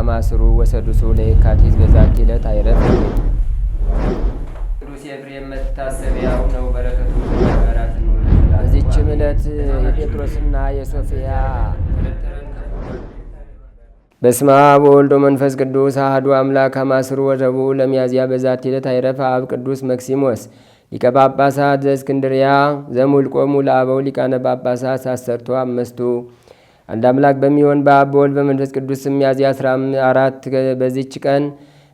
ከማስሩ ወሰዱሱ ለየካቲት በዛቲ ዕለት አይረፍ ቅዱስ ኤፍሬም መታሰቢያው ነው። በረከቱ በጋራት በዚችም ዕለት የጴጥሮስና የሶፊያ በስመ አብ ወወልድ ወመንፈስ ቅዱስ አሐዱ አምላክ አማስሩ ወረቡ ለሚያዝያ በዛቲ ዕለት አይረፈ አብ ቅዱስ መክሲሞስ ሊቀ ጳጳሳት ዘእስክንድርያ ዘሙልቆሙ ለአበው ሊቃነ ጳጳሳት ሳሰርቶ አመስቱ አንድ አምላክ በሚሆን በአብ በወልድ በመንፈስ ቅዱስ ስም ሚያዝያ 14 በዚች ቀን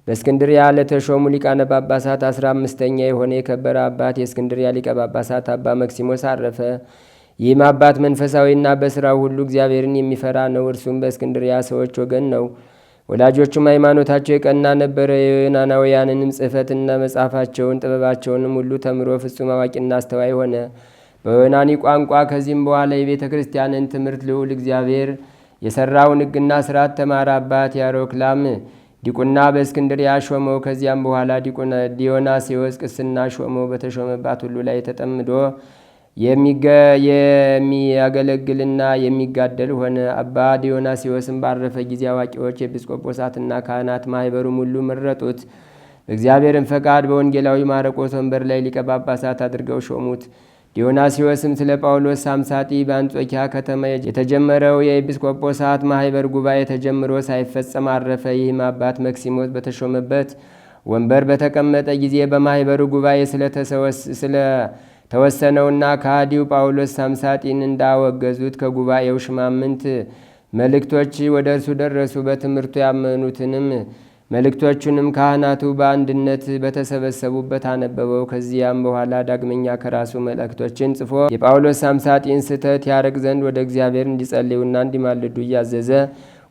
በእስክንድሪያ ለተሾሙ ሊቃነ ጳጳሳት አስራ አምስተኛ የሆነ የከበረ አባት የእስክንድሪያ ሊቀ ጳጳሳት አባ መክሲሞስ አረፈ። ይህም አባት መንፈሳዊና በሥራው ሁሉ እግዚአብሔርን የሚፈራ ነው። እርሱም በእስክንድሪያ ሰዎች ወገን ነው። ወላጆቹም ሃይማኖታቸው የቀና ነበረ። የዮናናውያንንም ጽህፈትና መጽሐፋቸውን ጥበባቸውንም ሁሉ ተምሮ ፍጹም አዋቂና አስተዋይ ሆነ። በወናኒ ቋንቋ። ከዚህም በኋላ የቤተ ክርስቲያንን ትምህርት ልዑል እግዚአብሔር የሠራውን ሕግና ሥርዓት ተማረ። አባት ያሮክላም ዲቁና በእስክንድሪያ ሾመው። ከዚያም በኋላ ዲዮናስዮስ ቅስና ሾመው። በተሾመባት ሁሉ ላይ ተጠምዶ የሚያገለግልና የሚጋደል ሆነ። አባ ዲዮናስዮስም ባረፈ ጊዜ አዋቂዎች፣ ኤጲስቆጶሳትና ካህናት ማኅበሩም ሁሉ መረጡት። በእግዚአብሔርን ፈቃድ በወንጌላዊ ማረቆስ ወንበር ላይ ሊቀ ጳጳሳት አድርገው ሾሙት። ዲዮናስዮስም ስለ ጳውሎስ ሳምሳጢ በአንጾኪያ ከተማ የተጀመረው የኤጲስቆጶሳት ማህበር ጉባኤ ተጀምሮ ሳይፈጸም አረፈ። ይህም አባት መክሲሞስ በተሾመበት ወንበር በተቀመጠ ጊዜ በማህበሩ ጉባኤ ስለተወሰነውና ከሃዲው ጳውሎስ ሳምሳጢን እንዳወገዙት ከጉባኤው ሽማምንት መልእክቶች ወደ እርሱ ደረሱ። በትምህርቱ ያመኑትንም መልእክቶቹንም ካህናቱ በአንድነት በተሰበሰቡበት አነበበው። ከዚያም በኋላ ዳግመኛ ከራሱ መልእክቶችን ጽፎ የጳውሎስ ሳምሳጢን ስህተት ያረግ ዘንድ ወደ እግዚአብሔር እንዲጸልዩና እንዲማልዱ እያዘዘ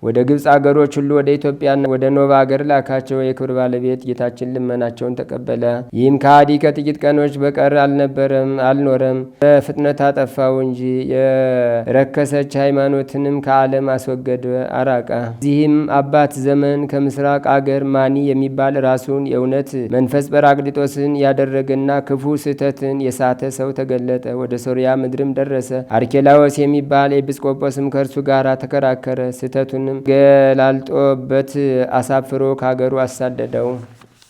ወደ ግብፅ አገሮች ሁሉ ወደ ኢትዮጵያና ወደ ኖባ አገር ላካቸው። የክብር ባለቤት ጌታችን ልመናቸውን ተቀበለ። ይህም ከሃዲ ከጥቂት ቀኖች በቀር አልነበረም አልኖረም፣ በፍጥነት አጠፋው እንጂ የረከሰች ሃይማኖትንም ከዓለም አስወገደ አራቀ። እዚህም አባት ዘመን ከምስራቅ አገር ማኒ የሚባል ራሱን የእውነት መንፈስ ጰራቅሊጦስን ያደረገና ክፉ ስህተትን የሳተ ሰው ተገለጠ። ወደ ሶርያ ምድርም ደረሰ። አርኬላዎስ የሚባል ኤጲስቆጶስም ከእርሱ ጋር ተከራከረ ስህተቱን ገላልጦበት አሳፍሮ ከሀገሩ አሳደደው።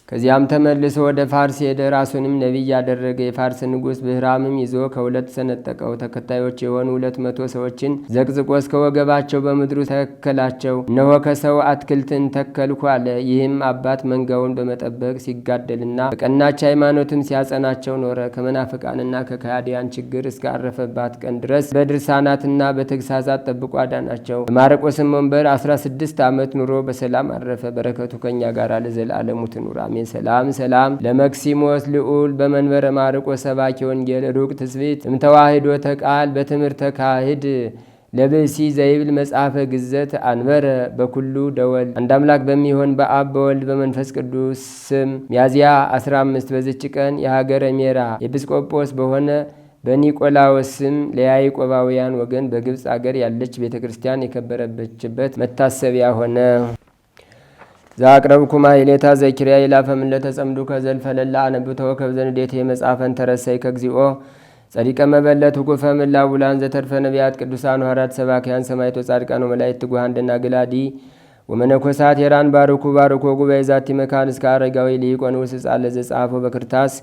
ከዚያም ተመልሶ ወደ ፋርስ ሄደ። ራሱንም ነቢይ ያደረገ የፋርስ ንጉሥ ብህራምም ይዞ ከሁለት ሰነጠቀው። ተከታዮች የሆኑ ሁለት መቶ ሰዎችን ዘቅዝቆ እስከ ወገባቸው በምድሩ ተከላቸው። እነሆ ከሰው አትክልትን ተከልኩ አለ። ይህም አባት መንጋውን በመጠበቅ ሲጋደልና በቀናች ሃይማኖትም ሲያጸናቸው ኖረ። ከመናፍቃንና ከካዲያን ችግር እስከ አረፈባት ቀን ድረስ በድርሳናትና በተግሳዛት ጠብቆ አዳናቸው። በማረቆስም ወንበር 16 ዓመት ኑሮ በሰላም አረፈ። በረከቱ ከእኛ ጋር ለዘላለሙ ትኑር። አሜን። ሰላም ሰላም ለመክሲሞስ ልዑል በመንበረ ማርቆ ሰባኪ ወንጌል ሩቅ ትስብእት እምተዋህዶ ተቃል በትምህርተ ካህድ ለብእሲ ዘይብል መጽሐፈ ግዘት አንበረ በኩሉ ደወል። አንድ አምላክ በሚሆን በአብ በወልድ በመንፈስ ቅዱስ ስም ሚያዝያ 15 በዝች ቀን የሀገረ ሜራ ኤጲስቆጶስ በሆነ በኒቆላዎስ ስም ወገን በግብፅ አገር ያለች ቤተ ክርስቲያን የከበረበችበት መታሰቢያ ሆነ። ዛቅረብኩማ ኢሌታ ዘኪርያ ይላፈምን ለተጸምዱ ከዘልፈለላ አነብተወ ከብዘንዴቴ የመጻፈን ተረሰይ ከግዚኦ ጸዲቀ መበለት ውቁፈ ምላ ውላን ዘተርፈ ነቢያት ቅዱሳን ሐዋርያት ሰባኪያን ሰማይቶ ጻድቃን ወመላእክት ትጉሃን ግላዲ ወመነኮሳት የራን ባርኩ ባርኮ ጉባኤ ዛቲ መካን እስከ አረጋዊ ሊቆን ውስጻለ ዘጻፎ በክርታስ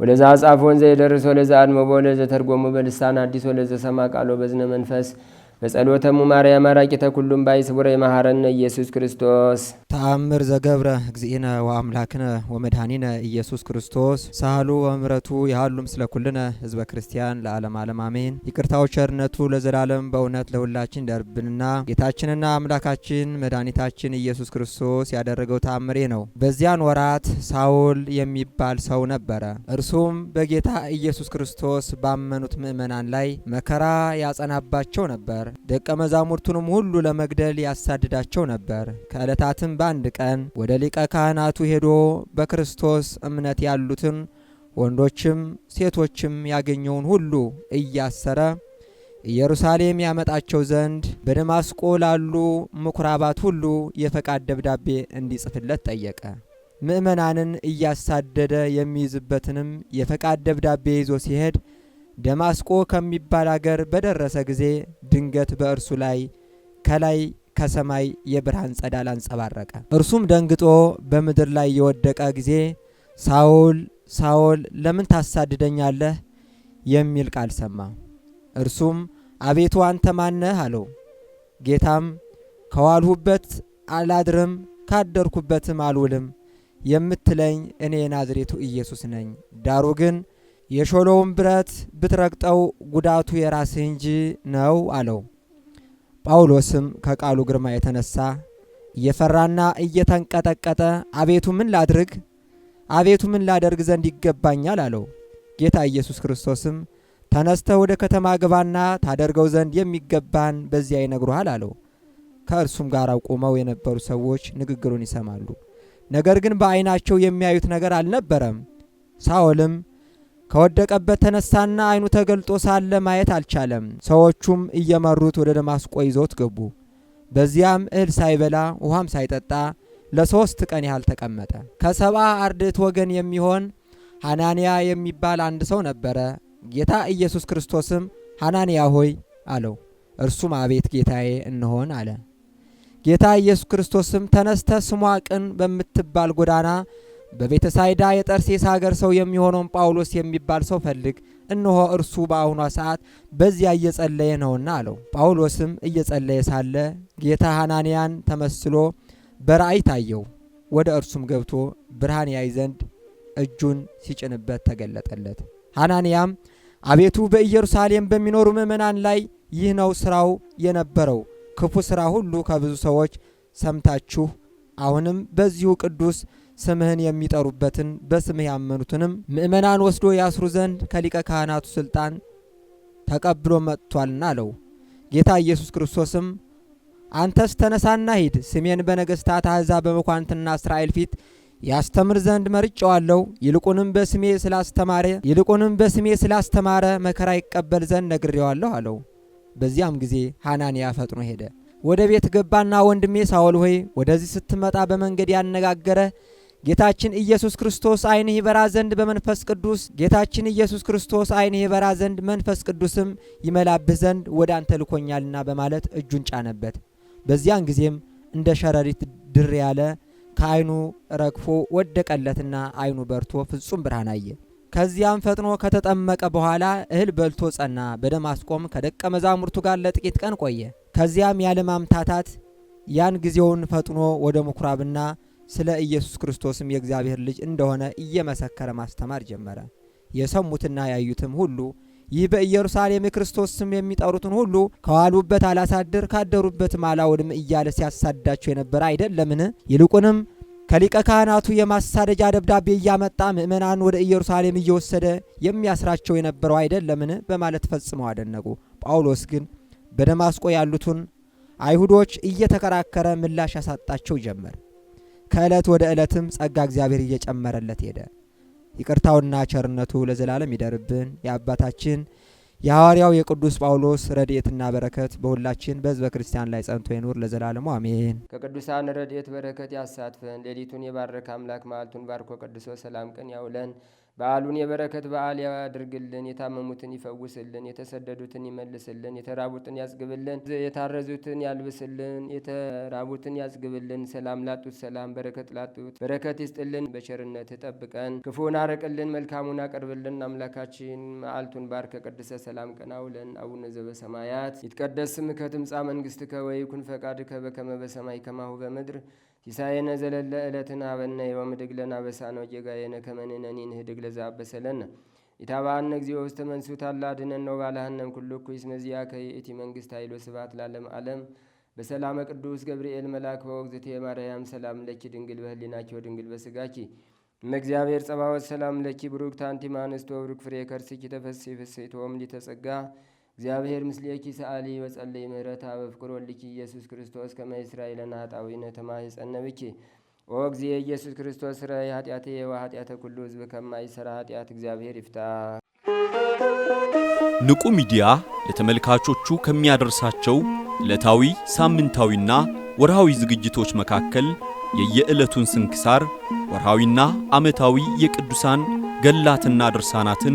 ወለዛ ጻፎን ዘይደርሶ ለዛ አድመቦ ለዘተርጎሞ በልሳን አዲስ ወለዘሰማ ቃሎ በዝነ መንፈስ በጸሎተሙ ማርያም አራቂተ ተኩሉም ባይ ስቡረ የመሐረነ ኢየሱስ ክርስቶስ ተአምር ዘገብረ እግዚእነ ወአምላክነ ወመድኃኒነ ኢየሱስ ክርስቶስ ሳህሉ ወምረቱ ያሉ ምስለ ኩልነ ህዝበ ክርስቲያን ለዓለም ዓለም አሜን። ይቅርታው ቸርነቱ ለዘላለም በእውነት ለሁላችን ደርብንና ጌታችንና አምላካችን መድኃኒታችን ኢየሱስ ክርስቶስ ያደረገው ተአምሬ ነው። በዚያን ወራት ሳውል የሚባል ሰው ነበረ። እርሱም በጌታ ኢየሱስ ክርስቶስ ባመኑት ምእመናን ላይ መከራ ያጸናባቸው ነበር። ነበር። ደቀ መዛሙርቱንም ሁሉ ለመግደል ያሳድዳቸው ነበር። ከዕለታትም በአንድ ቀን ወደ ሊቀ ካህናቱ ሄዶ በክርስቶስ እምነት ያሉትን ወንዶችም ሴቶችም ያገኘውን ሁሉ እያሰረ ኢየሩሳሌም ያመጣቸው ዘንድ በደማስቆ ላሉ ምኩራባት ሁሉ የፈቃድ ደብዳቤ እንዲጽፍለት ጠየቀ። ምእመናንን እያሳደደ የሚይዝበትንም የፈቃድ ደብዳቤ ይዞ ሲሄድ ደማስቆ ከሚባል አገር በደረሰ ጊዜ ድንገት በእርሱ ላይ ከላይ ከሰማይ የብርሃን ጸዳል አንጸባረቀ። እርሱም ደንግጦ በምድር ላይ የወደቀ ጊዜ ሳውል ሳውል ለምን ታሳድደኛለህ የሚል ቃል ሰማ። እርሱም አቤቱ አንተ ማነህ አለው። ጌታም ከዋልሁበት አላድርም ካደርኩበትም አልውልም የምትለኝ እኔ የናዝሬቱ ኢየሱስ ነኝ። ዳሩ ግን የሾለውን ብረት ብትረግጠው ጉዳቱ የራስህ እንጂ ነው አለው። ጳውሎስም ከቃሉ ግርማ የተነሳ እየፈራና እየተንቀጠቀጠ አቤቱ ምን ላድርግ፣ አቤቱ ምን ላደርግ ዘንድ ይገባኛል አለው። ጌታ ኢየሱስ ክርስቶስም ተነስተህ ወደ ከተማ ግባና ታደርገው ዘንድ የሚገባን በዚያ ይነግሩሃል አለው። ከእርሱም ጋር ቆመው የነበሩ ሰዎች ንግግሩን ይሰማሉ፣ ነገር ግን በዓይናቸው የሚያዩት ነገር አልነበረም። ሳውልም ከወደቀበት ተነሳና አይኑ ተገልጦ ሳለ ማየት አልቻለም። ሰዎቹም እየመሩት ወደ ደማስቆ ይዘውት ገቡ። በዚያም እህል ሳይበላ ውሃም ሳይጠጣ ለሶስት ቀን ያህል ተቀመጠ። ከሰብአ አርድእት ወገን የሚሆን ሐናንያ የሚባል አንድ ሰው ነበረ። ጌታ ኢየሱስ ክርስቶስም ሐናንያ ሆይ አለው። እርሱም አቤት ጌታዬ፣ እንሆን አለ። ጌታ ኢየሱስ ክርስቶስም ተነስተ ስሟ ቅን በምትባል ጎዳና በቤተሳይዳ የጠርሴስ ሀገር ሰው የሚሆነውን ጳውሎስ የሚባል ሰው ፈልግ፣ እነሆ እርሱ በአሁኗ ሰዓት በዚያ እየጸለየ ነውና አለው። ጳውሎስም እየጸለየ ሳለ ጌታ ሐናንያን ተመስሎ በራእይ ታየው። ወደ እርሱም ገብቶ ብርሃን ያይ ዘንድ እጁን ሲጭንበት ተገለጠለት። ሐናንያም አቤቱ በኢየሩሳሌም በሚኖሩ ምእመናን ላይ ይህ ነው ስራው የነበረው ክፉ ስራ ሁሉ ከብዙ ሰዎች ሰምታችሁ አሁንም በዚሁ ቅዱስ ስምህን የሚጠሩበትን በስምህ ያመኑትንም ምእመናን ወስዶ ያስሩ ዘንድ ከሊቀ ካህናቱ ስልጣን ተቀብሎ መጥቷልና አለው። ጌታ ኢየሱስ ክርስቶስም አንተስ ተነሳና ሂድ፣ ስሜን በነገሥታት አሕዛብ በመኳንትና እስራኤል ፊት ያስተምር ዘንድ መርጨዋለሁ። ይልቁንም በስሜ ስላስተማረ ይልቁንም በስሜ ስላስተማረ መከራ ይቀበል ዘንድ ነግሬዋለሁ አለው። በዚያም ጊዜ ሐናንያ ፈጥኖ ሄደ። ወደ ቤት ገባና ወንድሜ ሳውል ሆይ ወደዚህ ስትመጣ በመንገድ ያነጋገረ ጌታችን ኢየሱስ ክርስቶስ ዓይንህ ይበራ ዘንድ በመንፈስ ቅዱስ ጌታችን ኢየሱስ ክርስቶስ ዓይንህ ይበራ ዘንድ መንፈስ ቅዱስም ይመላብህ ዘንድ ወደ አንተ ልኮኛልና በማለት እጁን ጫነበት። በዚያን ጊዜም እንደ ሸረሪት ድር ያለ ከዓይኑ ረግፎ ወደቀለትና ዓይኑ በርቶ ፍጹም ብርሃን አየ። ከዚያም ፈጥኖ ከተጠመቀ በኋላ እህል በልቶ ጸና። በደማስቆም ከደቀ መዛሙርቱ ጋር ለጥቂት ቀን ቆየ። ከዚያም ያለማምታታት ያን ጊዜውን ፈጥኖ ወደ ምኩራብና ስለ ኢየሱስ ክርስቶስም የእግዚአብሔር ልጅ እንደሆነ እየመሰከረ ማስተማር ጀመረ። የሰሙትና ያዩትም ሁሉ ይህ በኢየሩሳሌም የክርስቶስ ስም የሚጠሩትን ሁሉ ከዋሉበት አላሳድር ካደሩበትም አላውልም እያለ ሲያሳዳቸው የነበረ አይደለምን? ይልቁንም ከሊቀ ካህናቱ የማሳደጃ ደብዳቤ እያመጣ ምእመናን ወደ ኢየሩሳሌም እየወሰደ የሚያስራቸው የነበረው አይደለምን? በማለት ፈጽመው አደነቁ። ጳውሎስ ግን በደማስቆ ያሉትን አይሁዶች እየተከራከረ ምላሽ ያሳጣቸው ጀመር። ከዕለት ወደ ዕለትም ጸጋ እግዚአብሔር እየጨመረለት ሄደ። ይቅርታውና ቸርነቱ ለዘላለም ይደርብን። የአባታችን የሐዋርያው የቅዱስ ጳውሎስ ረድኤትና በረከት በሁላችን በሕዝበ ክርስቲያን ላይ ጸንቶ ይኑር ለዘላለሙ አሜን። ከቅዱሳን ረድኤት በረከት ያሳትፈን። ሌሊቱን የባረከ አምላክ መዓልቱን ባርኮ ቀድሶ ሰላም ቀን ያውለን። በዓሉን የበረከት በዓል ያድርግልን። የታመሙትን ይፈውስልን፣ የተሰደዱትን ይመልስልን፣ የተራቡትን ያጽግብልን፣ የታረዙትን ያልብስልን፣ የተራቡትን ያጽግብልን። ሰላም ላጡት ሰላም፣ በረከት ላጡት በረከት ይስጥልን። በቸርነት ጠብቀን፣ ክፉን አርቅልን፣ መልካሙን አቅርብልን። አምላካችን መዓልቱን ባር ከቅድሰ ሰላም ቀን አውለን። አቡነ ዘበሰማያት ይትቀደስ ስምከ ትምጻእ ከወይ ወይኩን ፈቃድከ በከመ በሰማይ ከማሁ በምድር ሲሳየነ ዘለለ ዕለትን አበነ ድግለና በሳነ ወጌጋየነ ከመንነኒ ንህድግ ለዛ አበሰለነ ኢታባአነ እግዚኦ ውስተ መንሱት አላድነን ነው ባላህነም ኩሉ ኩይ እስመዚያ ከይእቲ መንግስት ኃይሎ ስባት ላለም ዓለም በሰላመ ቅዱስ ገብርኤል መልአክ በወግዝቴ ማርያም ሰላም ለኪ ድንግል በህሊናቸው ድንግል በስጋኪ እመእግዚአብሔር ጸባወት ሰላም ለኪ ብሩክ አንቲ እምአንስቶ ብሩክ ፍሬ ከርስኪ ተፈሥሒ ፍሥሕት ሊተጸጋ እግዚአብሔር ምስሌኪ ሰአሊ በጸለይ ምህረታ በፍቅር ወልኪ ኢየሱስ ክርስቶስ ከመ እስራኤልና ኃጣዊነ ተማይ ጸነብኪ ኦ እግዜ ኢየሱስ ክርስቶስ ስራይ የዋ ወኃጢአተ ኩሉ ህዝብ ከማይሰራ ኃጢአት እግዚአብሔር ይፍታ። ንቁ ሚዲያ ለተመልካቾቹ ከሚያደርሳቸው ዕለታዊ ሳምንታዊና ወርሃዊ ዝግጅቶች መካከል የየዕለቱን ስንክሳር ወርሃዊና ዓመታዊ የቅዱሳን ገላትና ድርሳናትን